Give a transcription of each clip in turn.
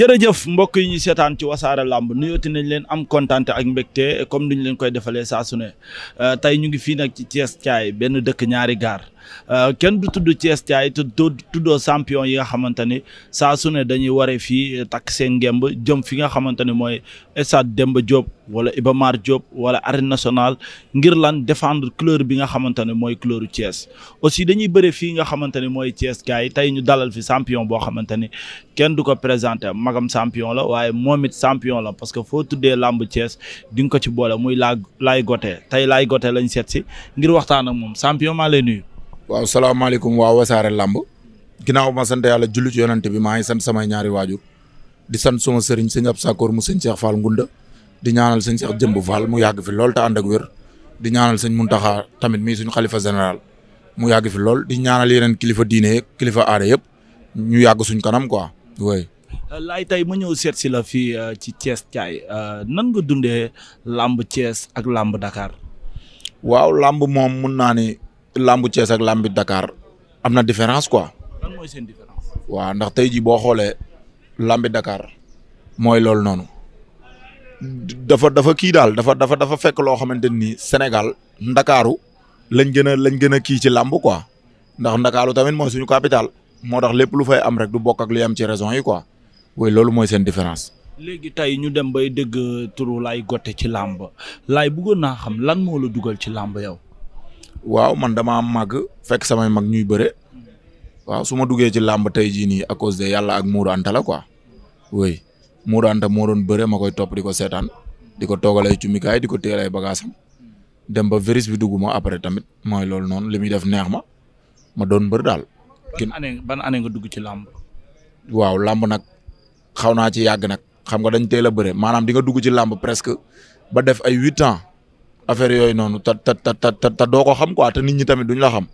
jërëjëf mbokk yi ñu seetaan ci wasaare làmb nuyooti nañ leen am kontaan ak mbégte comme ni ñu leen koy defalee saa su ne euh, tey ñu ngi fii nag ci Thiès Thiaye benn dëkk ñaari gaar Euh, kenn du tudd Thiès Thiaye te tuddoo champion yi nga xamante ni saa su ne dañuy waree fii eh, takk seen ngemb jëm fi nga xamante ni mooy stade Demba Diop wala Iba Mar Diop wala arène nationale ngir lan défendre couleur bi nga xamante ne mooy couleuru Thiès aussi dañuy bëre fii nga xamante ne mooy Thiès yi tey ñu dalal fi champion boo xamante ni kenn du ko présenter magam champion la waaye moom it champion la parce que foo tuddee lamb Thiès di nga ko ci boole muy laa laay gote tey laay gote lañ seet si ngir waxtaan ak moom champion maa lay nuyu waaw salaamaaleykum waa wasaare làmb ginnaaw ma sant yàlla julli ci yonante bi maa ngi sant samay ñaari waajur di sant suma sëriñ sëñ ab sakoor mu sëñ Cheikh Fall Ngunda di ñaanal sëñ Cheikh Jëmb Fall mu yàgg fi lool te ànd ak wér di ñaanal sëñ Muntaxa tamit mii suñ kalifa général mu yàgg fi lool di ñaanal yeneen kilifa diine kilifa aada yëpp ñu yàgg suñ kanam quoi oui. laay tey ma ñëw seet si la fii euh, ci Thiès Thiaye euh, nan nga dundee làmb Thiès ak làmb Dakar. waaw làmb làmbu Thiès ak làmbi Dakar am na différence quoi. lan mooy seen waaw ndax tey jii boo xoolee làmbi Dakar mooy loolu noonu dafa dafa kii daal dafa dafa dafa fekk loo xamante ni Sénégal ndakaaru lañ gën a lañ gën a kii ci làmb quoi ndax ndakaaru tamit mooy suñu capital moo tax lépp lu fay am rek du bokk ak li am ci raison yi quoi oui loolu mooy seen différence. léegi tey ñu dem bay dégg turu Laye Gothé ci làmb lay bëggoon naa xam lan moo la dugal ci làmb yow. waaw man damaa màgg fekk samay mag ñuy bëre waaw su ma duggee ci làmb tey jii nii à cause de yàlla ak Mourou Anta la quoi oui Mourou Anta moo doon bëree ma koy topp di ko seetaan di ko toogalee cumikaay di ko teelay bagaasam dem ba virus bi dugg ma après tamit mooy loolu noonu li muy def neex ma ma doon mbër daal. ban année ban année nga dugg ci làmb. waaw làmb nag xaw naa ci yàgg nag xam nga dañ teel a bëre maanaam di nga dugg ci làmb presque ba def ay huit ans. affaire yooyu noonu te te te te doo xam quoi te ñi tamit duñ la xam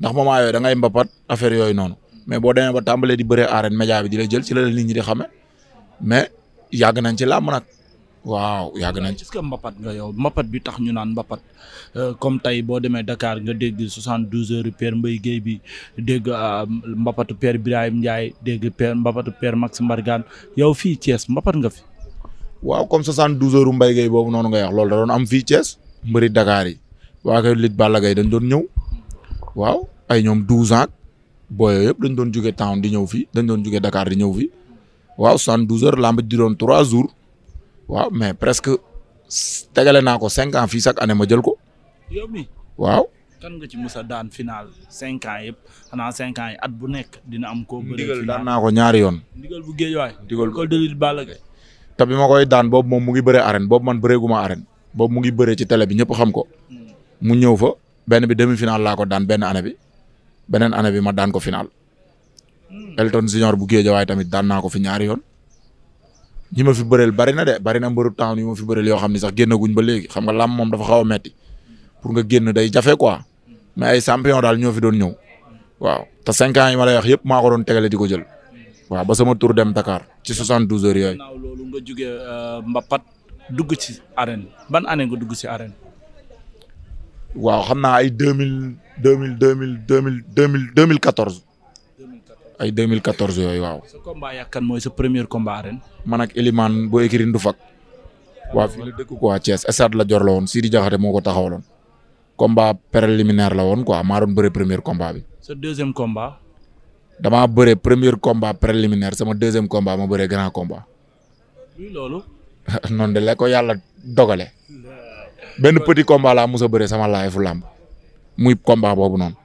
ndax moment yooyu da mbapat affaire yooyu noonu mais boo demee ba tàmbalee di bëree arène média bi di la jël ci la la nit ñi di xame mais yàgg nañ ci làmb nag waaw yàgg ci. est-ce mbapat nga yow mbapat bi tax ñu naan mbapat euh, comme tey boo demee Dakar nga dégg soixante-douze heures Père Mbaye Guèye bi dégg euh, mbapatu Père Birahim Ndiaye dégg Père mbapatu Père Max Mbargane yow fii cees mbapat nga fi. waaw comme soixante-douze heures Mbaye Guèye boobu noonu nga wax loolu da am fii Thiès. mbëri Dakar yi waa kay lit Balla Gaye dañ doon ñëw waaw ay ñoom douze ans booyoo yëpp dañ doon juge town di ñëw fii dañ doon juge dakaar di ñëw fi waaw soixante-douze heures làmb di doon trois jours waaw mais presque tegale naa ko cinq ans fii chaque année ma jël ko. yow mi waaw. kan nga ci musa daan final cinq ans yëpp xanaa cinq ans yi at bu nekk dina am. koo bëri naa ko ñaari yoon. ndigal bu géej waay. ndigal ko de Balla Gaye. te bi ma koy daan boobu moom mu ngi bëre arène boobu man bëreeguma arène. boobu mu ngi bëree ci télé bi ñëpp xam ko mu ñëw fa benn bi demi final laa ko daan benn année bi beneen année bi ma daan ko final hmm. Elton Junior bu Géejawaay tamit daan naa ko fi ñaari yoon ñi ma fi bëreel bari na de bari na mbëru temps yi ma fi bëreel yoo xam ni sax génna génnaguñ ba léegi xam nga làmb moom dafa xaw a metti pour nga génn day jafe quoi mais ay champion daal ñoo fi doon ñëw waaw te cinq ans yi ma lay wax yëpp maa ko doon tegale di ko jël waaw ba sama tour dem Dakar ci soixante douze heures yooyu. loolu nga jugee euh, Mbapat dugg ci arène ban année nga dugg si arène. waaw xam naa ay deux mille deux mille deux mille deux mille deux mille deux mille quatorze. ay deux mille quatorze yooyu waaw. sa combat yaa kan mooy sa premier combat arène. man ak Elimane boo écrire Ndufak. waa fii la dëkk quoi Thiès stade la jor la woon Sidi Diakhaté moo ko taxaw taxawaloon. combat préliminaire la woon quoi maa doon bëre premier combat bi. sa deuxième komba damaa bëre premier combat préliminaire sama deuxième combat ma bëre grand komba noonu de yàlla dogale benn petit combat laa mos a bëree sama laay fu làmb muy combat boobu noonu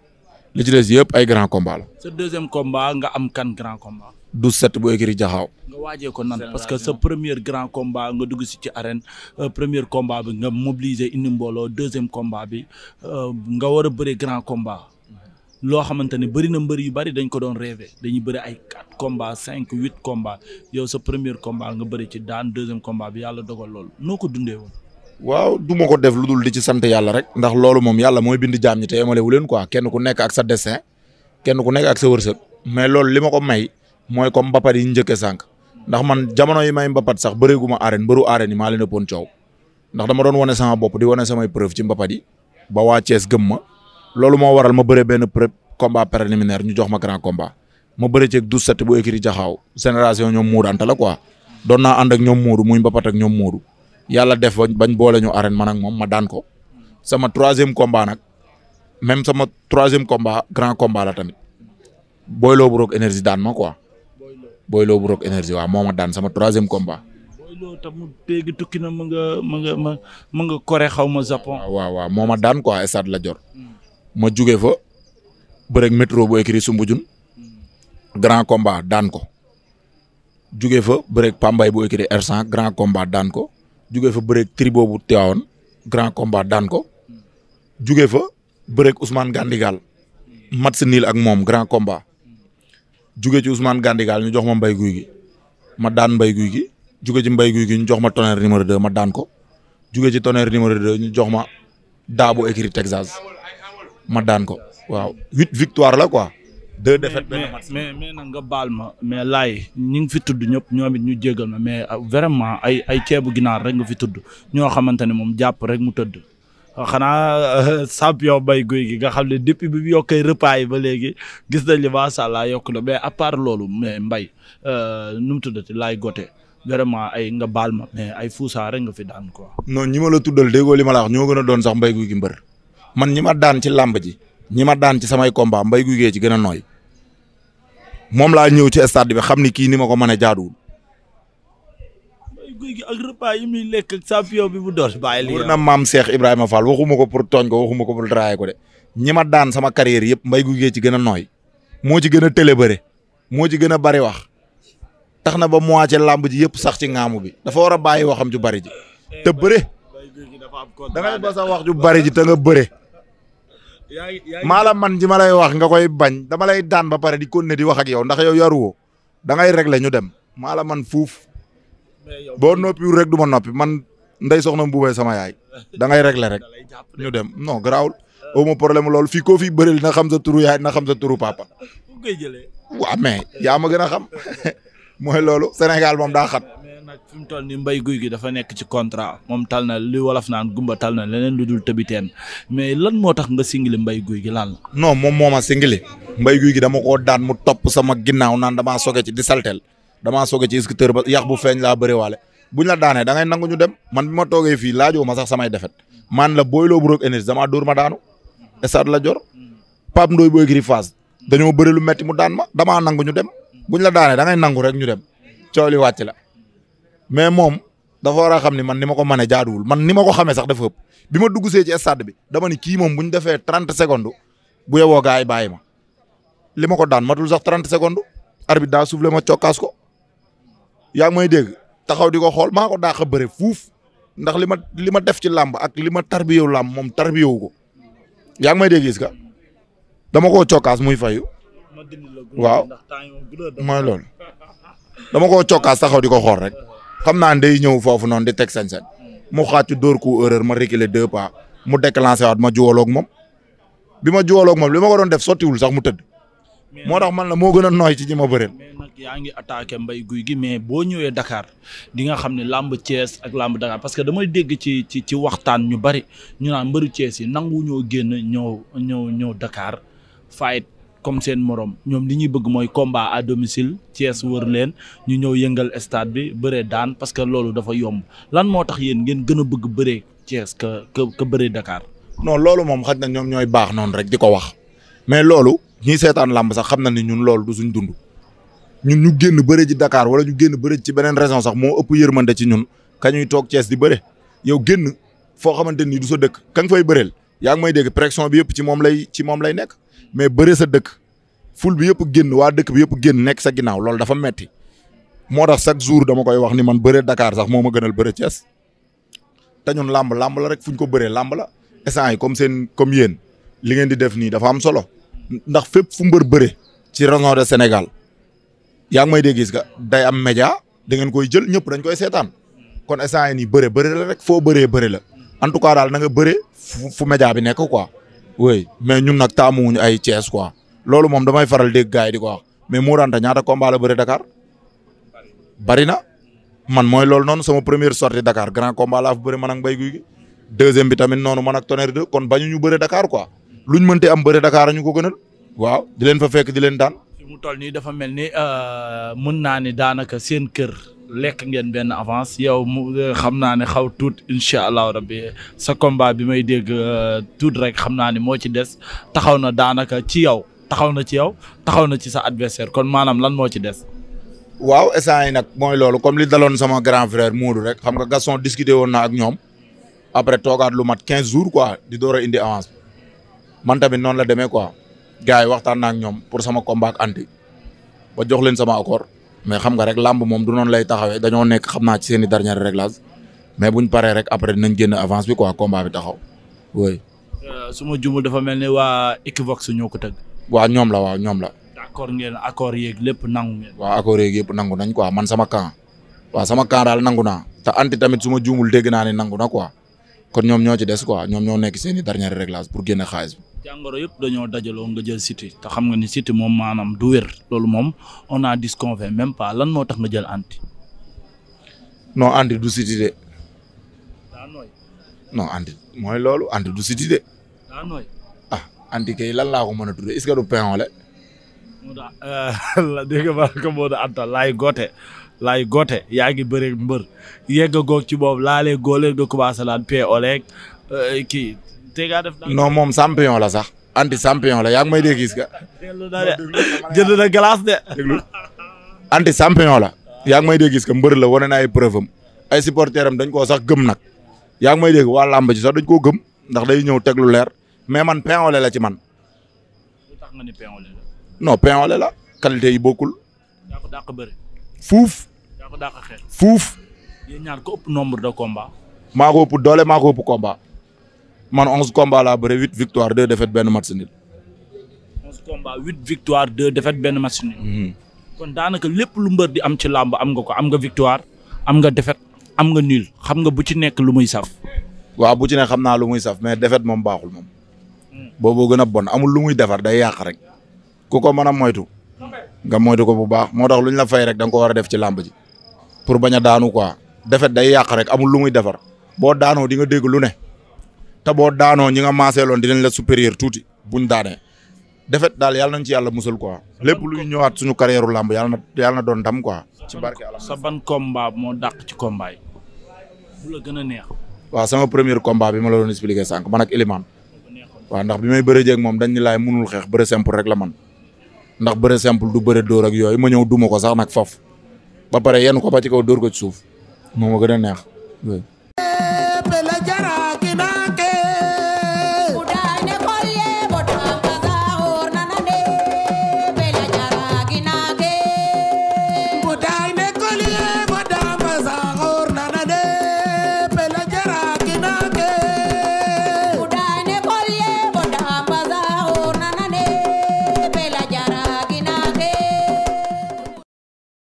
li ci des yëpp ay grand combat la. sa deuxième combat nga am kan grand combat. du set bu écrit jaxaaw. nga waajee parce que sa premier grand combat nga dugg si ci arène euh, premier combat bi nga mobiliser indi mbooloo deuxième combat bi euh, nga war a bëri grand combat loo xamante ne bëri na mbër yu bëri dañ ko doon rêvé dañuy bëri ay quatre combats cinq huit combats yow sa premier combat nga bëri ci daan deuxième combat bi yàlla dogal loolu noo ko dundee woon. waaw du ma ko def lu dul di ci sant yàlla rek. ndax loolu moom yàlla mooy bind jaam ñi te yemale wu leen quoi kenn ku nekk ak sa destin kenn ku nekk ak sa wërsëg. mais loolu li ma ko may mooy comme mbapat yi njëkkee sànq ndax man jamono yi may mbapat sax bëreegu ma arène mbëru arène yi maa leen ëppoon coow ndax dama doon wane sama di wane samay preuve ci mbapat loolu moo waral ma bëre benn pré combat préliminaire ñu jox ma grand combat ma bëre ceeg douze sept bu écrit jaxaaw génération ñoom Moodu Anta la quoi doon naa ànd ak ñoom Moodu muy mbapat ak ñoom Moodu yàlla def bañ boole ñu arène man ak moom ma daan ko sama troisième combat nag même sama troisième combat grand combat la tamit booyloo bu roog énergie daan ma quoi booyloo bu roog énergie waaw moo ma daan sama troisième komba loolu tam dégg tukki na mu nga mu nga ma mu nga Corée xaw ma Japon. waaw waaw moo ma daan quoi stade la jor ma jugee fa bëreg métro bu écrit Sumbujun grand combat daan ko jugee fa bëreg Pambay bu écrit R100 grand combat daan ko jugee fa bëreg tribo bu Tivaouane grand combat daan ko jugee fa bëreg Ousmane Gandigal mat si niil ak moom grand combat jugee ci Ousmane Gandigal ñu jox ma mbay guy gi ma daan mbay guy gi jugee ci mbay guy gi ñu jox ma tonnerre numéro 2 ma daan ko jugee ci tonnerre numéro 2 ñu jox ma daabu écrit Texas. ma daan ko waaw huit victoire la quoi. deux défaites benn match mais mais nanga baal ma mais laay ñi fi tudd ñëpp ñoom it ñu jéggal ma mais ah, vraiment ay ay ceebu ginaar rek nga fi tudd ñoo xamante ne moom jàpp rek mu tëdd. Ah, xanaa euh, champion bay guy gi nga xam ne depuis bi mu yokkee repas ba léegi gis nañ li macha allah yokk na mais à part loolu mais mbay euh, nu mu tuddati laay gote vraiment ay nga baal ma mais ay fuusaa rek nga fi daan quoi. non ñi ma la tuddal déggoo li ma la wax ñoo gën a doon sax mbay guy gi mbër. man ñi ma daan ci làmb ji ñi ma daan ci samay combat mbay guy gee ci gën a nooy moom laa ñëw ci stade bi xam ni kii ni ma ko mën a jaaduwul. mbay yi muy lekk ak champion bi bu door bàyyi na maam Cheikh Ibrahima Fall waxuma ko pour tooñ ko waxuma ko pour draay ko de ñi ma daan sama carrière yëpp mbay guy gee ci gën a nooy moo ci gën a télé bëre moo ci gën a bari wax tax na ba moitié làmb ji yëpp sax ci ngaamu bi dafa war a bàyyi waxam ju bari ji te bëre da wax ju bari ji te nga maa man ji ma lay wax nga koy bañ dama lay daan ba pare di continuer di wax ak yow ndax yow yaruwoo da ngay régler ñu dem maa la man fuuf boo noppiwul rek du ma noppi man ndey na mbuubee sama yaay da ngay régler rek ñu dem non garaawul au ma problème loolu fii koo fii bëril na xam sa turu yaay na xam sa turu papa waaw mais yaa ma gën a xam mooy loolu Sénégal moom daa fi mu toll nii mbay guy gi dafa nekk ci contrat moom tal na li wolof leneen lu dul tëbiteen mais lan moo tax nga singili mbay guy gi lan la. non moom moo ma singili mbay guy gi dama koo daan mu topp sama ginnaaw naan damaa soge ci di saltel damaa soge ci scooter ba yàq bu feeñ laa bëri waale buñ la daanee da ngay nangu ñu dem man bi ma toogee fii laajoo ma sax samay defet man la booyloo bu roog énergie damaa dóor ma daanu estade la jor Pape Ndoye booy gri phase lu ma damaa nangu ñu dem buñ da ngay nangu rek ñu dem coow li wàcc mais moom dafa war a xam ni man ni ma ko mënee jaaduwul man ni ma ko xamee sax dafa ëpp bi ma dugg see ci stade bi dama ni kii moom bu ñu defee trente secondes bu yowoo gars yi ma li ma ko daan matul sax trente secondes arbitre daa soufflé ma cokkaas ko yaa ngi may dégg taxaw di ko xool maa ko daax a bëre fuuf ndax li ma li ma def ci làmb ak li ma tarbiyewu làmb moom tarbiyewu ko yaa ngi may dégg gis dama ko cokkaas muy fayu waaw mooy loolu dama koo cokkaas xaw di ko xool rek xam naa day ñëw foofu noonu di teg sañ-sañ mu xaatu dóor ku erreur ma reculer deux pas mu déclenché waat ma juwaloog moom bi ma juwaloog moom li ma ko doon def sottiwul sax mu tëdd. moo tax man la moo gën a nooy ci ji ma bëreel. mais nag yaa ngi attaque mbay guy gi mais boo ñëwee dakaar di nga xam ne làmb Thiès ak làmb Dakar parce que damay dégg ci ci ci waxtaan ñu bari ñu naan mbëru Thiès yi nangu ñoo génn ñëw ñëw ñëw Dakar fight comme seen morom ñoom li ñuy bëgg mooy combat à domicile Thiès wër leen ñu ñëw yëngal stade bi bëree daan parce que loolu dafa yomb lan moo tax yéen ngeen gën a bëgg bëree Thiès que que que bëree Dakar. non loolu moom xaj na ñoom ñooy baax noonu rek di ko wax mais loolu ñiy seetaan làmb sax xam na ni ñun loolu du suñ dund ñun ñu génn bëre ji dakaar wala ñu génn bëre ci beneen région sax moo ëpp yërmande ci ñun ka ñuy toog cees di bëre yow génn foo xamante ni du sa dëkk ka nga fay bëreel yaa ngi may dégg pression bi yëpp ci moom lay ci moom lay nekk mais bëre sa dëkk ful bi yëpp génn waa dëkk bi yëpp génn nekk sa ginnaaw loolu dafa metti moo tax chaque jour dama koy wax ni man bëre dakaar sax moo ma gënal bëre Thiès te ñun làmb làmb la rek fu ko bëree làmb la essence yi comme seen comme yéen li ngeen di def nii dafa am solo ndax fépp fu mbër bëre ci région de Sénégal yaa ngi may dee gis nga day am média da ngeen koy jël ñëpp dañ koy seetaan kon essence yi nii bëre bëre la rek foo bëree bëre la en tout cas daal na nga bëre fu média bi nekk quoi. oui mais ñun nag taamuwuñu ay Thiès quoi loolu moom damay faral dégg gars di ko wax mais Mour Anta ñaata combat la bëre Dakar bari na man mooy loolu noonu sama première sortie dakaar grand combat laa fa bëre man ak Mbaye Guy gi deuxième bi noonu man ak Tonnerre 2 kon bañu ñu bëre Dakar quoi luñ mënte am bëre Dakar ñu ko gënal waaw di leen fa fekk di leen daan. mu toll nii dafa mel ni euh, mën naa ni daanaka seen kër. lekk ngeen benn avance yow mu euh, xam naa ne xaw tuut incha allahu rabbi sa combat bi may dégg euh, tuut rek xam naa ne moo ci des taxaw na daanaka ci yow taxaw na ci yow taxaw na ci sa adversaire kon maanaam lan moo ci des. waaw instant yi nag mooy loolu comme li daloon sama grand frère Moodu rek xam nga Gaston discuter woon naa ak ñoom après toogaat lu mat quinze jours quoi di door indi avance man tamit noonu la demee quoi gars yi waxtaan na ak ñoom pour sama combat ak anti ba leen sama accord. mais xam nga rek làmb moom du noonu lay taxawee dañoo nekk xam naa seeni seen i dernier réglage mais buñ pare rek après dinañ génn avance bi quoi combat bi taxaw oui. Euh, su ma jumul dafa mel ni waa Equivox ñoo ko tëgg. waaw ñoom la waaw ñoom la. d'accord ngeen accord yeeg lépp nangu ngeen. waaw accord yeeg yëpp nangu nañ quoi sama camp waaw sama camp nangu naa te anti tamit su ma juumul dégg naa ne nangu na quoi kon ñoom ñoo ci des quoi ñoom ñoo nekk seen i dernier réglage pour génne xaalis jàngoro yëpp dañoo dajaloo nga jël siti te xam nga ni Siteu moom maanaam du wér loolu moom on a disconvain même pas lan moo tax nga jël anti. non anti du mooy loolu anti du Siteu de. ah anti kay lan laa ko mën a tuddee est-ce du pain wala. Euh, la dégg nga ko moo tax Anta laay goote laay goote yaa ngi bëreeg mbër yegg goog ci boobu laalee góoleel nga commencé naan pain oleeg euh, kii. non moom champion la sax. anti champion la yaa ngi may dégg gis nga. jënd na glace de. anti champion la. yaa ngi may dégg gis nga mbër la wane na ay preuve am ay supporteurs am dañ koo sax gëm nag. yaa ngi may dégg waa làmb ci so dañ koo gëm ndax day ñëw teglu lu leer mais man peñole la ci man. tax nga ni peñole la. non la qualité yi bokkul. yaa ko dàq ko dàq xeex. fuuf. yéen ñaar ko ëpp nombre ko ëpp man onze combats la bëre huit victoire deux défaites benn match nul. onze combats huit victoire deux défaites benn match nul. Mhm. kon daanaka lépp lu mbër di am ci làmb am nga ko am nga victoire am nga défaite am nga nul xam nga bu ci nekk lu muy saf. waaw bu ci nekk xam naa lu muy saf mais défaite moom baaxul moom. Hmm. boobu gën a bon amul lu muy defar day yàq rek. ku ko mën a moytu. nga moytu ko bu baax moo tax lu ñu la fay rek da nga ko war a def ci làmb ji. pour bañ a daanu quoi défaite day yàq rek amul lu muy defar boo daanoo di nga dégg lu ne. te boo daanoo ñi nga maaseeloon dinañ la supérieur tuuti buñ daanee defet daal yàlla nañ ci yàlla musal quoi lépp luy ñëwaat suñu carrière làmb yàlla na yàlla na doon ndam quoi. ci barke Allah sa ban combat moo dàq ci combat yi. bu gën a neex. waaw sama premier combat bi ma la doon expliquer sànq man ak Elimane. waaw ndax bi may bëree jeeg moom dañ ni laay mënul xeex bëre simple rek la man ndax bëre simple du bëre door ak yooyu ma ñëw duma ko sax nag faf ba pare yenn ko ba ci kaw dóor ko ci suuf moo ma gën a neex.